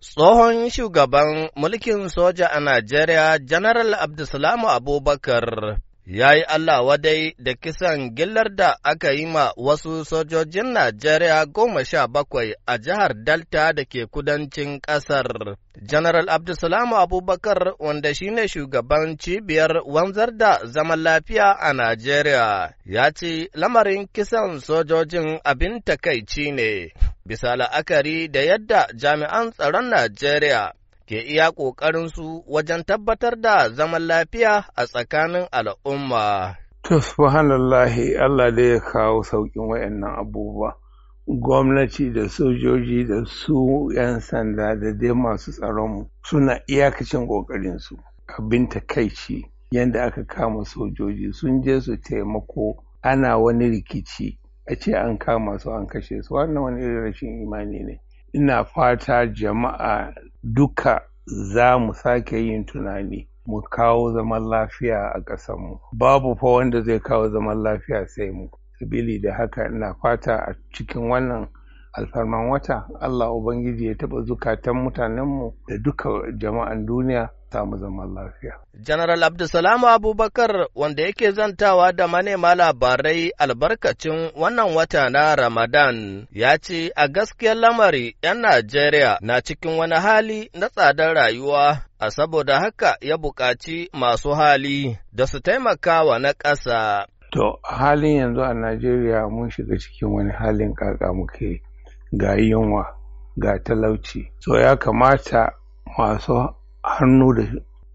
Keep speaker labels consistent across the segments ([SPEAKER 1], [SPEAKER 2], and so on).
[SPEAKER 1] Tsohon shugaban mulkin soja a Najeriya, General Abdulsalamu Abubakar, ya yi Allah wadai da kisan gillar da aka yi ma wasu sojojin Najeriya goma sha bakwai a jihar Delta da ke kudancin ƙasar. General Abdulsalamu Abubakar, wanda shine shugaban cibiyar wanzar da zaman lafiya a Najeriya, ya ce lamarin kisan sojojin abin takaici ne. bisa la'akari da yadda jami'an tsaron Najeriya ke iya su wajen tabbatar da zaman lafiya a tsakanin al'umma.
[SPEAKER 2] To, subhanallahi Allah da ya kawo sauƙin wayannan abubuwa. Gwamnati da sojoji da su ‘yan sanda da dai masu tsaronmu suna iyakacin ƙoƙarinsu. Abin takaici yadda aka kama sojoji sun je su taimako ana wani rikici a ce an kama su an kashe su wannan wani irin rashin imani ne ina fata jama'a duka za mu sake yin tunani mu kawo zaman lafiya a ƙasanmu babu fa wanda zai kawo zaman lafiya sai mu sabili da haka ina fata a cikin wannan alfarman wata Allah Ubangiji ya taɓa zukatan mutanenmu da duka jama'an duniya samu zaman lafiya.
[SPEAKER 1] General Abdulsalamu Abubakar wanda yake zantawa da manema labarai albarkacin wannan wata na Ramadan ya ce a gaskiyar lamari 'yan Najeriya na cikin wani hali na tsadar rayuwa a saboda haka ya buƙaci masu hali da su taimakawa na ƙasa.
[SPEAKER 2] To halin yanzu a Najeriya mun shiga cikin wani halin ƙaƙa muke ga yunwa ga talauci so ya kamata masu hannu da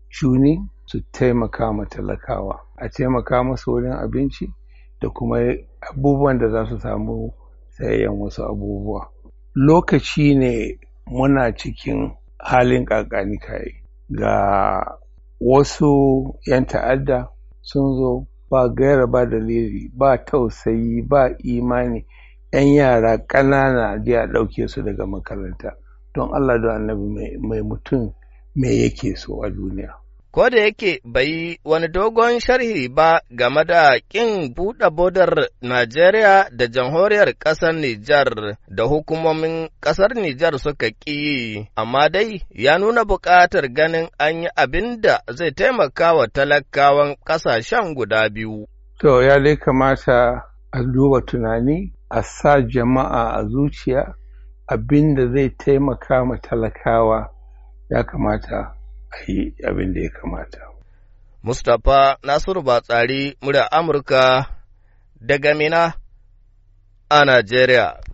[SPEAKER 2] shuni su taimaka ma talakawa a taimaka masu wurin abinci da kuma abubuwan da za su samu sayayyan wasu abubuwa lokaci ne muna cikin halin ƙaƙani kayi ga wasu 'yan ta'adda sun zo ba gaira ba dalili ba tausayi ba imani 'yan yara ƙanana a je a ɗauke su daga makaranta don Allah da annabi mai mutum me yake so a duniya.
[SPEAKER 1] Ko da yake bai wani dogon sharhi ba game da ƙin buɗe bodar Najeriya da jamhuriyar ƙasar Nijar da hukumomin ƙasar Nijar suka ƙi, amma dai ya nuna buƙatar ganin an yi abin da zai taimaka wa talakawan ƙasashen guda biyu.
[SPEAKER 2] To, ya dai kamata a duba tunani a sa jama'a a zuciya abin da zai taimaka ma talakawa ya kamata a yi abin da ya kamata.
[SPEAKER 1] Mustapha Nasiru Batsari, murya Amurka daga Mina a Najeriya.